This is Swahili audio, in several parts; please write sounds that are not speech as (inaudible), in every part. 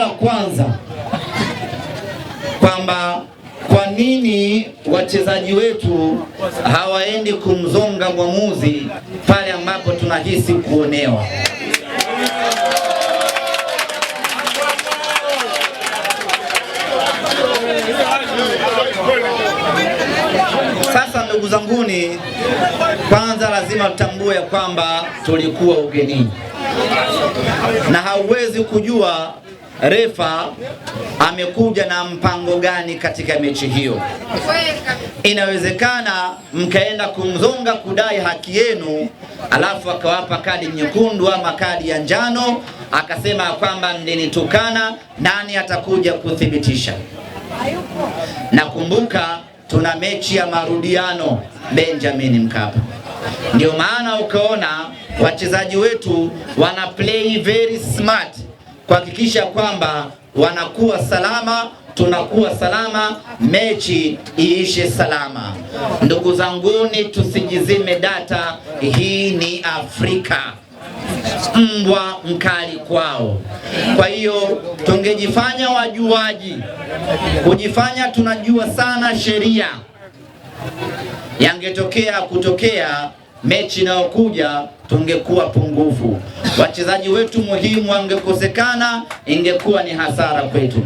la kwanza kwamba kwa nini wachezaji wetu hawaendi kumzonga mwamuzi pale ambapo tunahisi kuonewa. Sasa ndugu zanguni, kwanza lazima tutambue kwamba tulikuwa ugenini na hauwezi kujua refa amekuja na mpango gani katika mechi hiyo. Inawezekana mkaenda kumzonga kudai haki yenu, alafu akawapa kadi nyekundu ama kadi ya njano, akasema kwamba mlinitukana. Nani atakuja kuthibitisha? Nakumbuka tuna mechi ya marudiano Benjamin Mkapa, ndio maana ukaona wachezaji wetu wana play very smart kuhakikisha kwamba wanakuwa salama, tunakuwa salama, mechi iishe salama. Ndugu zanguni, tusijizime data. Hii ni Afrika, mbwa mkali kwao. Kwa hiyo tungejifanya wajuaji, kujifanya tunajua sana sheria, yangetokea kutokea mechi inayokuja tungekuwa pungufu, wachezaji wetu muhimu wangekosekana, ingekuwa ni hasara kwetu.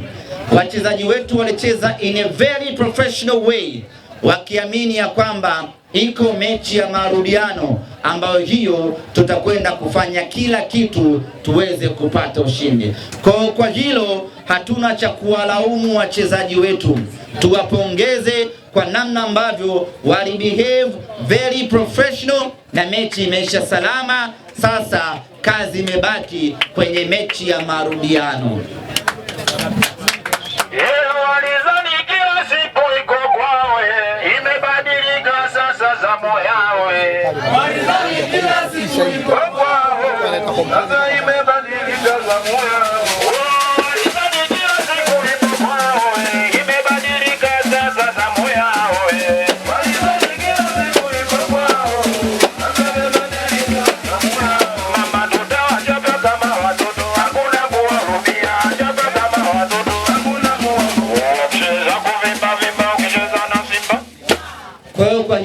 Wachezaji wetu walicheza in a very professional way, wakiamini ya kwamba iko mechi ya marudiano ambayo hiyo tutakwenda kufanya kila kitu tuweze kupata ushindi. Kwa kwa hilo hatuna cha kuwalaumu wachezaji wetu, tuwapongeze kwa namna ambavyo walibehave very professional, na mechi imeisha salama. Sasa kazi imebaki kwenye mechi ya marudiano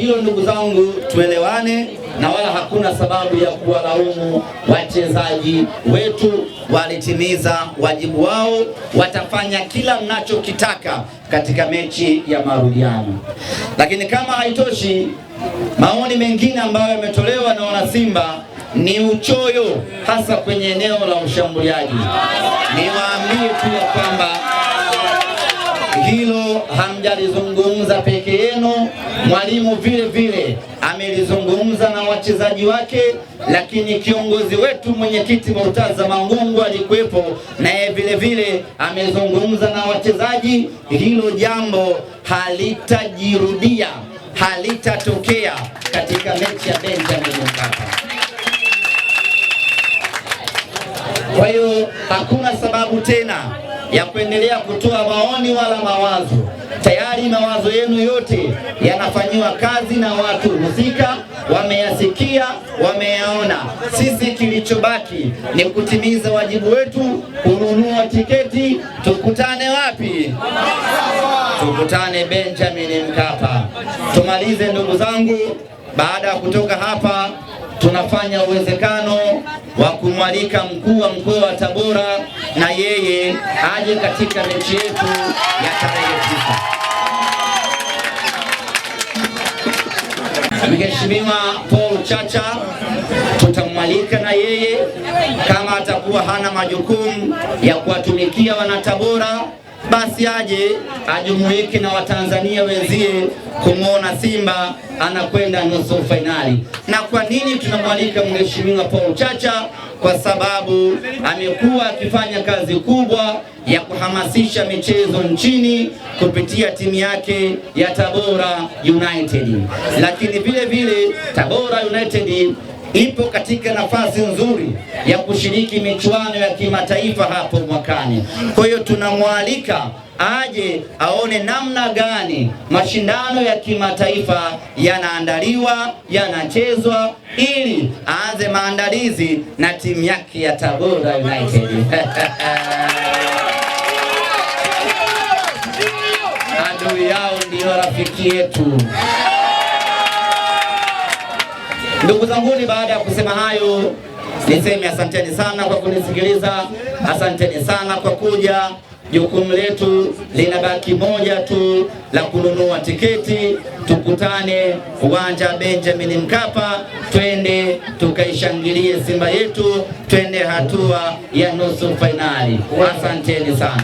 hiyo, ndugu zangu, tuelewane na wala hakuna sababu ya kuwalaumu wachezaji wetu. Walitimiza wajibu wao, watafanya kila mnachokitaka katika mechi ya marudiano. Lakini kama haitoshi, maoni mengine ambayo yametolewa na wanasimba ni uchoyo, hasa kwenye eneo la ushambuliaji. Niwaambie tu ya kwamba hilo hamjalizungumza peke yenu. Mwalimu vile vile amelizungumza na wachezaji wake, lakini kiongozi wetu mwenyekiti Murtaza Mangungu alikuwepo naye vile vile amezungumza na wachezaji. Hilo jambo halitajirudia, halitatokea katika mechi ya Benjamin Mkapa. Kwa hiyo hakuna sababu tena ya kuendelea kutoa maoni wala mawazo. Tayari mawazo yenu yote yanafanyiwa kazi na watu husika, wameyasikia, wameyaona. Sisi kilichobaki ni kutimiza wajibu wetu, kununua tiketi. Tukutane wapi? Tukutane Benjamin Mkapa, tumalize ndugu zangu. Baada ya kutoka hapa, tunafanya uwezekano wa kumwalika mkuu wa mkoa wa Tabora na yeye aje katika mechi yetu ya tarehe tisa. Mheshimiwa Paul Chacha tutamwalika na yeye kama atakuwa hana majukumu ya kuwatumikia wanatabora basi aje ajumuike na Watanzania wenzie kumwona Simba anakwenda nusu fainali. Na kwa nini tunamwalika Mheshimiwa Paul Chacha? Kwa sababu amekuwa akifanya kazi kubwa ya kuhamasisha michezo nchini kupitia timu yake ya Tabora United, lakini vile vile Tabora United ipo katika nafasi nzuri ya kushiriki michuano ya kimataifa hapo mwakani. Kwa hiyo tunamwalika aje aone namna gani mashindano ya kimataifa yanaandaliwa, yanachezwa ili aanze maandalizi na timu yake ya Tabora United. (laughs) Adui yao ndiyo rafiki yetu. Ndugu zanguni, baada ya kusema hayo, niseme asanteni sana kwa kunisikiliza, asanteni sana kwa kuja. Jukumu letu linabaki moja tu la kununua tiketi. Tukutane uwanja Benjamin Mkapa, twende tukaishangilie Simba yetu, twende hatua ya nusu fainali. Asanteni sana.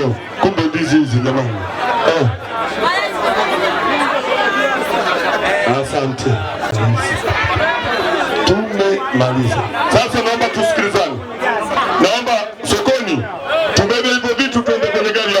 hizo, kumbe ndizi hizi jamani. Eh. Asante. Tumemaliza. Sasa naomba tusikilizane. Naomba sokoni tubebe hivyo vitu tuende kwenye gari la